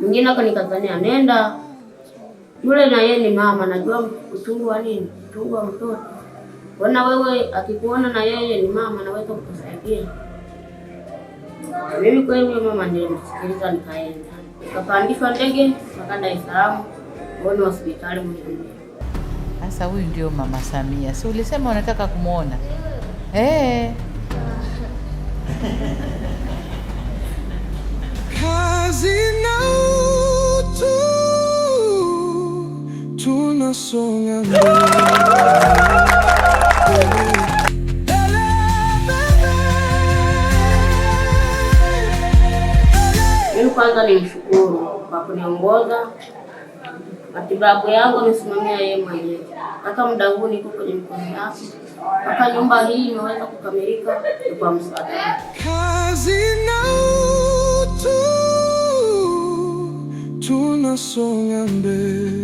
Mwingine akanikazania nenda yule, na yeye ni mama, najua uchungu wa nini, uchungu wa mtoto. Bona wewe akikuona na yeye ni mama, naweza kukusaidia mimi. Kweli huyo mama nilimsikiliza, nikaenda nikapandishwa ndege mpaka Dar es Salaam kuona hospitali mwingine. Sasa huyu ndio mama Samia, si ulisema unataka kumwona eh? tunasonga mimi. Kwanza mshukuru kwa kuniongoza, matibabu yangu amesimamia yeye mwenyewe, hata muda huu niko kwenye mkono yako, mpaka nyumba hii imeweza kukamilika kwa msaada tunasonga mbele.